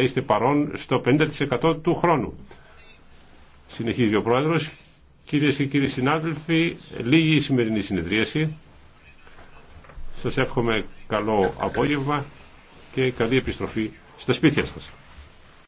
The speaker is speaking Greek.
είστε παρόν στο 50% του χρόνου. Συνεχίζει ο Πρόεδρος. Κυρίες και κύριοι συνάδελφοι, λίγη η σημερινή συνεδρίαση. Σας εύχομαι καλό απόγευμα και καλή επιστροφή στα σπίτια σας.